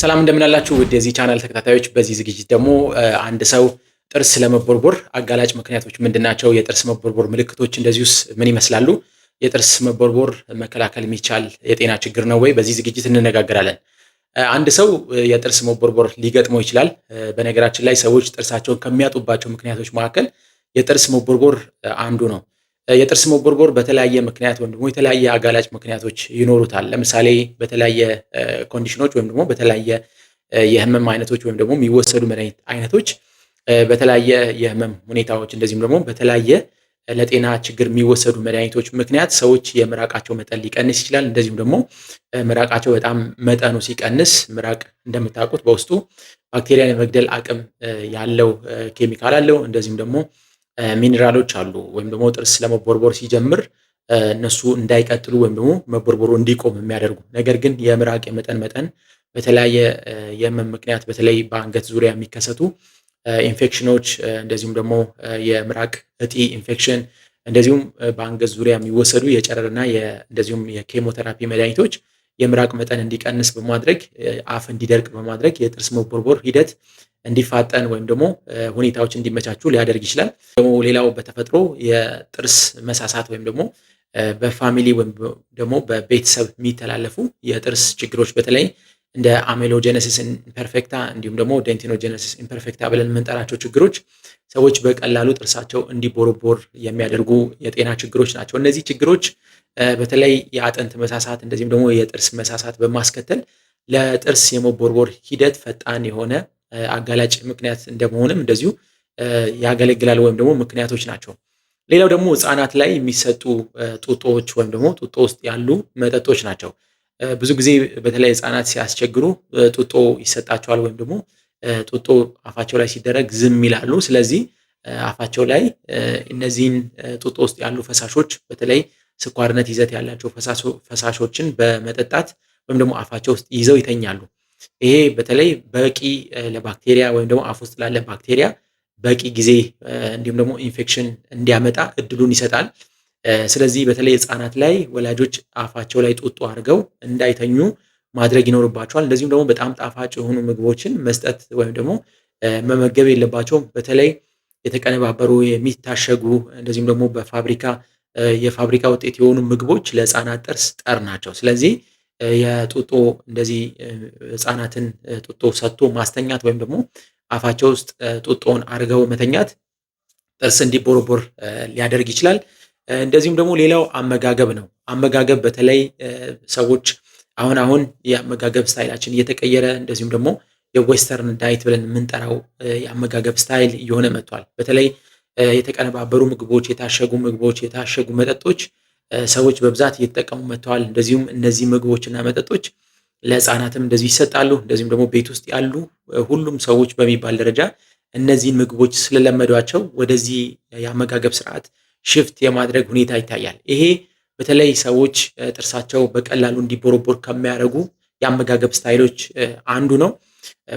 ሰላም እንደምናላችሁ ውድ የዚህ ቻናል ተከታታዮች፣ በዚህ ዝግጅት ደግሞ አንድ ሰው ጥርስ ለመቦርቦር አጋላጭ ምክንያቶች ምንድናቸው? የጥርስ መቦርቦር ምልክቶች እንደዚሁስ ምን ይመስላሉ? የጥርስ መቦርቦር መከላከል የሚቻል የጤና ችግር ነው ወይ? በዚህ ዝግጅት እንነጋገራለን። አንድ ሰው የጥርስ መቦርቦር ሊገጥመው ይችላል። በነገራችን ላይ ሰዎች ጥርሳቸውን ከሚያጡባቸው ምክንያቶች መካከል የጥርስ መቦርቦር አንዱ ነው። የጥርስ መቦርቦር በተለያየ ምክንያት ወይም ደግሞ የተለያየ አጋላጭ ምክንያቶች ይኖሩታል። ለምሳሌ በተለያየ ኮንዲሽኖች ወይም ደግሞ በተለያየ የህመም አይነቶች ወይም ደግሞ የሚወሰዱ መድኃኒት አይነቶች በተለያየ የህመም ሁኔታዎች እንደዚሁም ደግሞ በተለያየ ለጤና ችግር የሚወሰዱ መድኃኒቶች ምክንያት ሰዎች የምራቃቸው መጠን ሊቀንስ ይችላል። እንደዚሁም ደግሞ ምራቃቸው በጣም መጠኑ ሲቀንስ ምራቅ እንደምታውቁት በውስጡ ባክቴሪያን የመግደል አቅም ያለው ኬሚካል አለው። እንደዚሁም ደግሞ ሚኔራሎች አሉ ወይም ደግሞ ጥርስ ለመቦርቦር ሲጀምር እነሱ እንዳይቀጥሉ ወይም ደግሞ መቦርቦሩ እንዲቆም የሚያደርጉ ነገር ግን የምራቅ የመጠን መጠን በተለያየ የህመም ምክንያት በተለይ በአንገት ዙሪያ የሚከሰቱ ኢንፌክሽኖች እንደዚሁም ደግሞ የምራቅ እጢ ኢንፌክሽን እንደዚሁም በአንገት ዙሪያ የሚወሰዱ የጨረርና እንደዚሁም የኬሞቴራፒ መድኃኒቶች የምራቅ መጠን እንዲቀንስ በማድረግ አፍ እንዲደርቅ በማድረግ የጥርስ መቦርቦር ሂደት እንዲፋጠን ወይም ደግሞ ሁኔታዎች እንዲመቻቹ ሊያደርግ ይችላል። ደግሞ ሌላው በተፈጥሮ የጥርስ መሳሳት ወይም ደግሞ በፋሚሊ ወይም ደግሞ በቤተሰብ የሚተላለፉ የጥርስ ችግሮች በተለይ እንደ አሜሎጀነሲስ ኢምፐርፌክታ እንዲሁም ደግሞ ደንቲኖጀነሲስ ኢምፐርፌክታ ብለን የምንጠራቸው ችግሮች ሰዎች በቀላሉ ጥርሳቸው እንዲቦርቦር የሚያደርጉ የጤና ችግሮች ናቸው። እነዚህ ችግሮች በተለይ የአጥንት መሳሳት እንደዚህም ደግሞ የጥርስ መሳሳት በማስከተል ለጥርስ የመቦርቦር ሂደት ፈጣን የሆነ አጋላጭ ምክንያት እንደመሆንም እንደዚሁ ያገለግላል ወይም ደግሞ ምክንያቶች ናቸው። ሌላው ደግሞ ህፃናት ላይ የሚሰጡ ጡጦዎች ወይም ደግሞ ጡጦ ውስጥ ያሉ መጠጦች ናቸው። ብዙ ጊዜ በተለይ ህፃናት ሲያስቸግሩ ጡጦ ይሰጣቸዋል ወይም ደግሞ ጡጦ አፋቸው ላይ ሲደረግ ዝም ይላሉ። ስለዚህ አፋቸው ላይ እነዚህን ጡጦ ውስጥ ያሉ ፈሳሾች በተለይ ስኳርነት ይዘት ያላቸው ፈሳሾችን በመጠጣት ወይም ደግሞ አፋቸው ውስጥ ይዘው ይተኛሉ። ይሄ በተለይ በቂ ለባክቴሪያ ወይም ደግሞ አፍ ውስጥ ላለ ባክቴሪያ በቂ ጊዜ እንዲሁም ደግሞ ኢንፌክሽን እንዲያመጣ እድሉን ይሰጣል። ስለዚህ በተለይ ህፃናት ላይ ወላጆች አፋቸው ላይ ጡጦ አድርገው እንዳይተኙ ማድረግ ይኖርባቸዋል። እንደዚሁም ደግሞ በጣም ጣፋጭ የሆኑ ምግቦችን መስጠት ወይም ደግሞ መመገብ የለባቸውም። በተለይ የተቀነባበሩ የሚታሸጉ እንደዚሁም ደግሞ በፋብሪካ የፋብሪካ ውጤት የሆኑ ምግቦች ለህፃናት ጥርስ ጠር ናቸው። ስለዚህ የጡጦ እንደዚህ ህፃናትን ጡጦ ሰጥቶ ማስተኛት ወይም ደግሞ አፋቸው ውስጥ ጡጦውን አድርገው መተኛት ጥርስ እንዲቦርቦር ሊያደርግ ይችላል። እንደዚሁም ደግሞ ሌላው አመጋገብ ነው። አመጋገብ በተለይ ሰዎች አሁን አሁን የአመጋገብ ስታይላችን እየተቀየረ እንደዚሁም ደግሞ የዌስተርን ዳይት ብለን የምንጠራው የአመጋገብ ስታይል እየሆነ መጥቷል። በተለይ የተቀነባበሩ ምግቦች፣ የታሸጉ ምግቦች፣ የታሸጉ መጠጦች ሰዎች በብዛት እየተጠቀሙ መጥተዋል። እንደዚሁም እነዚህ ምግቦችና መጠጦች ለህፃናትም እንደዚሁ ይሰጣሉ። እንደዚሁም ደግሞ ቤት ውስጥ ያሉ ሁሉም ሰዎች በሚባል ደረጃ እነዚህን ምግቦች ስለለመዷቸው ወደዚህ የአመጋገብ ስርዓት ሽፍት የማድረግ ሁኔታ ይታያል። ይሄ በተለይ ሰዎች ጥርሳቸው በቀላሉ እንዲቦረቦር ከሚያደርጉ የአመጋገብ ስታይሎች አንዱ ነው።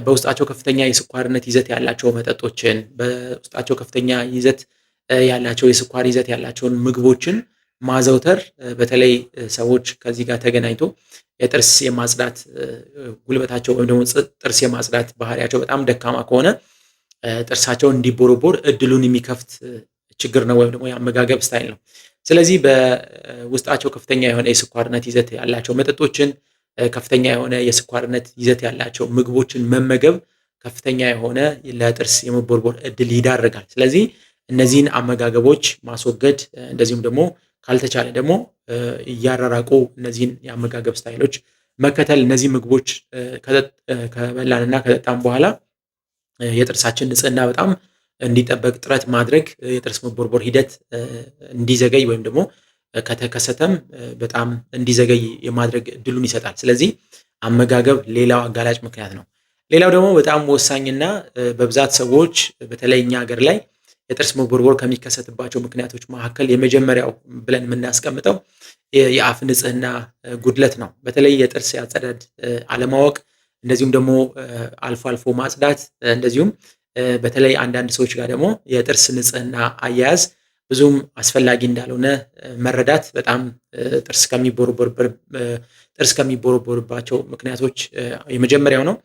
በውስጣቸው ከፍተኛ የስኳርነት ይዘት ያላቸው መጠጦችን፣ በውስጣቸው ከፍተኛ ይዘት ያላቸው የስኳር ይዘት ያላቸውን ምግቦችን ማዘውተር በተለይ ሰዎች ከዚህ ጋር ተገናኝቶ የጥርስ የማጽዳት ጉልበታቸው ወይም ደግሞ ጥርስ የማጽዳት ባህሪያቸው በጣም ደካማ ከሆነ ጥርሳቸውን እንዲቦረቦር እድሉን የሚከፍት ችግር ነው፣ ወይም ደግሞ የአመጋገብ ስታይል ነው። ስለዚህ በውስጣቸው ከፍተኛ የሆነ የስኳርነት ይዘት ያላቸው መጠጦችን ከፍተኛ የሆነ የስኳርነት ይዘት ያላቸው ምግቦችን መመገብ ከፍተኛ የሆነ ለጥርስ የመቦርቦር እድል ይዳርጋል። ስለዚህ እነዚህን አመጋገቦች ማስወገድ እንደዚሁም ደግሞ ካልተቻለ ደግሞ እያራራቁ እነዚህን የአመጋገብ ስታይሎች መከተል እነዚህ ምግቦች ከበላንና ከጠጣም በኋላ የጥርሳችን ንጽህና በጣም እንዲጠበቅ ጥረት ማድረግ የጥርስ መቦርቦር ሂደት እንዲዘገይ ወይም ደግሞ ከተከሰተም በጣም እንዲዘገይ የማድረግ እድሉን ይሰጣል። ስለዚህ አመጋገብ ሌላው አጋላጭ ምክንያት ነው። ሌላው ደግሞ በጣም ወሳኝና በብዛት ሰዎች በተለይ እኛ ሀገር ላይ የጥርስ መቦርቦር ከሚከሰትባቸው ምክንያቶች መካከል የመጀመሪያው ብለን የምናስቀምጠው የአፍ ንጽህና ጉድለት ነው። በተለይ የጥርስ ያጸዳድ አለማወቅ፣ እንደዚሁም ደግሞ አልፎ አልፎ ማጽዳት፣ እንደዚሁም በተለይ አንዳንድ ሰዎች ጋር ደግሞ የጥርስ ንጽህና አያያዝ ብዙም አስፈላጊ እንዳልሆነ መረዳት በጣም ጥርስ ጥርስ ከሚቦረቦርባቸው ምክንያቶች የመጀመሪያው ነው።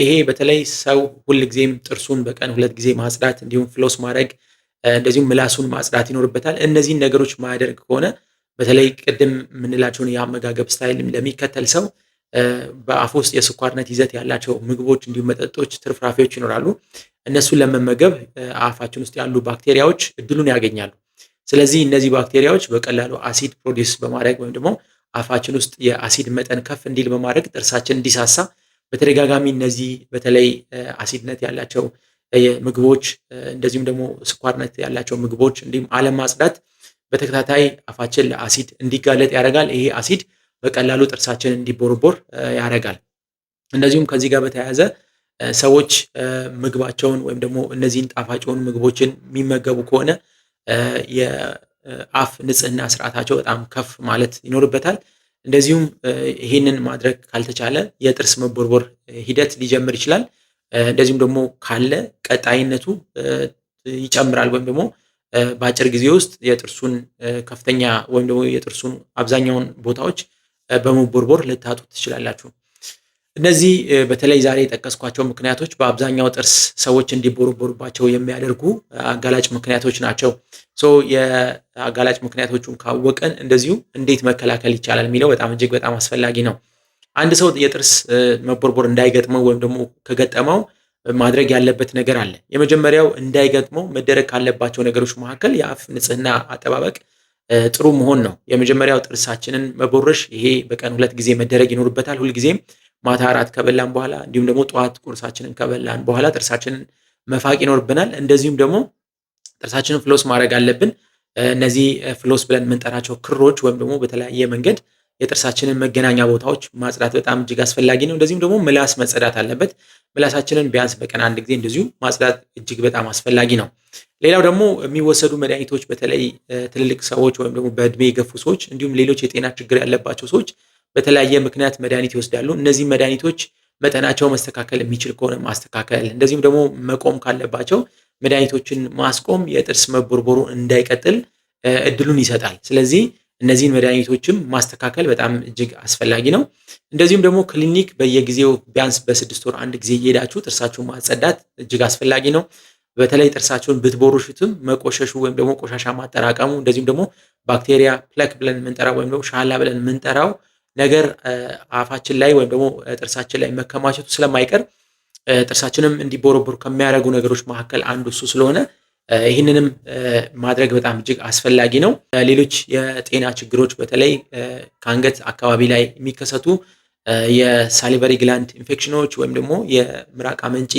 ይሄ በተለይ ሰው ሁል ጊዜም ጥርሱን በቀን ሁለት ጊዜ ማጽዳት እንዲሁም ፍሎስ ማድረግ እንደዚሁም ምላሱን ማጽዳት ይኖርበታል። እነዚህን ነገሮች ማያደርግ ከሆነ በተለይ ቅድም የምንላቸውን የአመጋገብ ስታይል ለሚከተል ሰው በአፍ ውስጥ የስኳርነት ይዘት ያላቸው ምግቦች እንዲሁም መጠጦች፣ ትርፍራፊዎች ይኖራሉ። እነሱን ለመመገብ አፋችን ውስጥ ያሉ ባክቴሪያዎች እድሉን ያገኛሉ። ስለዚህ እነዚህ ባክቴሪያዎች በቀላሉ አሲድ ፕሮዲስ በማድረግ ወይም ደግሞ አፋችን ውስጥ የአሲድ መጠን ከፍ እንዲል በማድረግ ጥርሳችን እንዲሳሳ በተደጋጋሚ እነዚህ በተለይ አሲድነት ያላቸው ምግቦች እንደዚሁም ደግሞ ስኳርነት ያላቸው ምግቦች እንዲሁም አለማጽዳት በተከታታይ አፋችን ለአሲድ እንዲጋለጥ ያደርጋል። ይሄ አሲድ በቀላሉ ጥርሳችን እንዲቦርቦር ያደርጋል። እንደዚሁም ከዚህ ጋር በተያያዘ ሰዎች ምግባቸውን ወይም ደግሞ እነዚህን ጣፋጭ የሆኑ ምግቦችን የሚመገቡ ከሆነ የአፍ ንጽህና ስርዓታቸው በጣም ከፍ ማለት ይኖርበታል። እንደዚሁም ይህንን ማድረግ ካልተቻለ የጥርስ መቦርቦር ሂደት ሊጀምር ይችላል። እንደዚሁም ደግሞ ካለ ቀጣይነቱ ይጨምራል ወይም ደግሞ በአጭር ጊዜ ውስጥ የጥርሱን ከፍተኛ ወይም ደግሞ የጥርሱን አብዛኛውን ቦታዎች በመቦርቦር ልታጡ ትችላላችሁ። እነዚህ በተለይ ዛሬ የጠቀስኳቸው ምክንያቶች በአብዛኛው ጥርስ ሰዎች እንዲቦረቦሩባቸው የሚያደርጉ አጋላጭ ምክንያቶች ናቸው። የአጋላጭ ምክንያቶቹን ካወቀን እንደዚሁ እንዴት መከላከል ይቻላል የሚለው በጣም እጅግ በጣም አስፈላጊ ነው። አንድ ሰው የጥርስ መቦርቦር እንዳይገጥመው ወይም ደግሞ ከገጠመው ማድረግ ያለበት ነገር አለ። የመጀመሪያው እንዳይገጥመው መደረግ ካለባቸው ነገሮች መካከል የአፍ ንጽህና አጠባበቅ ጥሩ መሆን ነው። የመጀመሪያው ጥርሳችንን መቦረሽ፣ ይሄ በቀን ሁለት ጊዜ መደረግ ይኖርበታል ሁልጊዜም ማታ አራት ከበላን በኋላ እንዲሁም ደግሞ ጠዋት ቁርሳችንን ከበላን በኋላ ጥርሳችንን መፋቅ ይኖርብናል። እንደዚሁም ደግሞ ጥርሳችንን ፍሎስ ማድረግ አለብን። እነዚህ ፍሎስ ብለን የምንጠራቸው ክሮች ወይም ደግሞ በተለያየ መንገድ የጥርሳችንን መገናኛ ቦታዎች ማጽዳት በጣም እጅግ አስፈላጊ ነው። እንደዚሁም ደግሞ ምላስ መጸዳት አለበት። ምላሳችንን ቢያንስ በቀን አንድ ጊዜ እንደዚሁ ማጽዳት እጅግ በጣም አስፈላጊ ነው። ሌላው ደግሞ የሚወሰዱ መድኃኒቶች በተለይ ትልልቅ ሰዎች ወይም ደግሞ በእድሜ የገፉ ሰዎች እንዲሁም ሌሎች የጤና ችግር ያለባቸው ሰዎች በተለያየ ምክንያት መድኃኒት ይወስዳሉ። እነዚህ መድኃኒቶች መጠናቸው መስተካከል የሚችል ከሆነ ማስተካከል፣ እንደዚሁም ደግሞ መቆም ካለባቸው መድኃኒቶችን ማስቆም የጥርስ መቦርቦሩ እንዳይቀጥል እድሉን ይሰጣል። ስለዚህ እነዚህን መድኃኒቶችም ማስተካከል በጣም እጅግ አስፈላጊ ነው። እንደዚሁም ደግሞ ክሊኒክ በየጊዜው ቢያንስ በስድስት ወር አንድ ጊዜ እየሄዳችሁ ጥርሳችሁን ማጸዳት እጅግ አስፈላጊ ነው። በተለይ ጥርሳችሁን ብትቦርሹትም መቆሸሹ ወይም ደግሞ ቆሻሻ ማጠራቀሙ እንደዚሁም ደግሞ ባክቴሪያ ፕለክ ብለን የምንጠራው ወይም ደግሞ ሻላ ብለን የምንጠራው ነገር አፋችን ላይ ወይም ደግሞ ጥርሳችን ላይ መከማቸቱ ስለማይቀር ጥርሳችንም እንዲቦረቦር ከሚያደርጉ ነገሮች መካከል አንዱ እሱ ስለሆነ ይህንንም ማድረግ በጣም እጅግ አስፈላጊ ነው። ሌሎች የጤና ችግሮች በተለይ ከአንገት አካባቢ ላይ የሚከሰቱ የሳሊቨሪ ግላንድ ኢንፌክሽኖች ወይም ደግሞ የምራቅ አመንጪ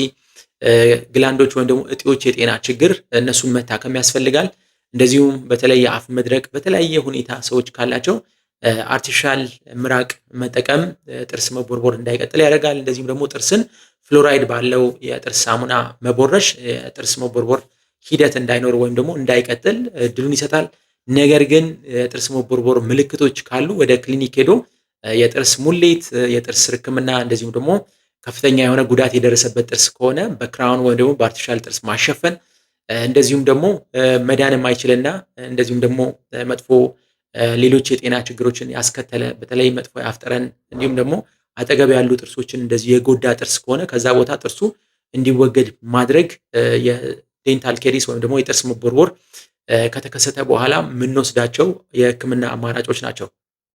ግላንዶች ወይም ደግሞ እጢዎች የጤና ችግር እነሱን መታከም ያስፈልጋል። እንደዚሁም በተለይ የአፍ መድረቅ በተለያየ ሁኔታ ሰዎች ካላቸው አርቲፊሻል ምራቅ መጠቀም ጥርስ መቦርቦር እንዳይቀጥል ያደርጋል። እንደዚሁም ደግሞ ጥርስን ፍሎራይድ ባለው የጥርስ ሳሙና መቦረሽ ጥርስ መቦርቦር ሂደት እንዳይኖር ወይም ደግሞ እንዳይቀጥል እድሉን ይሰጣል። ነገር ግን የጥርስ መቦርቦር ምልክቶች ካሉ ወደ ክሊኒክ ሄዶ የጥርስ ሙሌት፣ የጥርስ ሕክምና እንደዚሁም ደግሞ ከፍተኛ የሆነ ጉዳት የደረሰበት ጥርስ ከሆነ በክራውን ወይም ደግሞ በአርቲፊሻል ጥርስ ማሸፈን እንደዚሁም ደግሞ መዳን የማይችልና እንደዚሁም ደግሞ መጥፎ ሌሎች የጤና ችግሮችን ያስከተለ በተለይ መጥፎ የአፍ እንዲሁም ደግሞ አጠገብ ያሉ ጥርሶችን እንደዚህ የጎዳ ጥርስ ከሆነ ከዛ ቦታ ጥርሱ እንዲወገድ ማድረግ የዴንታል ኬሪስ ወይም ደግሞ የጥርስ መቦርቦር ከተከሰተ በኋላ የምንወስዳቸው የሕክምና አማራጮች ናቸው።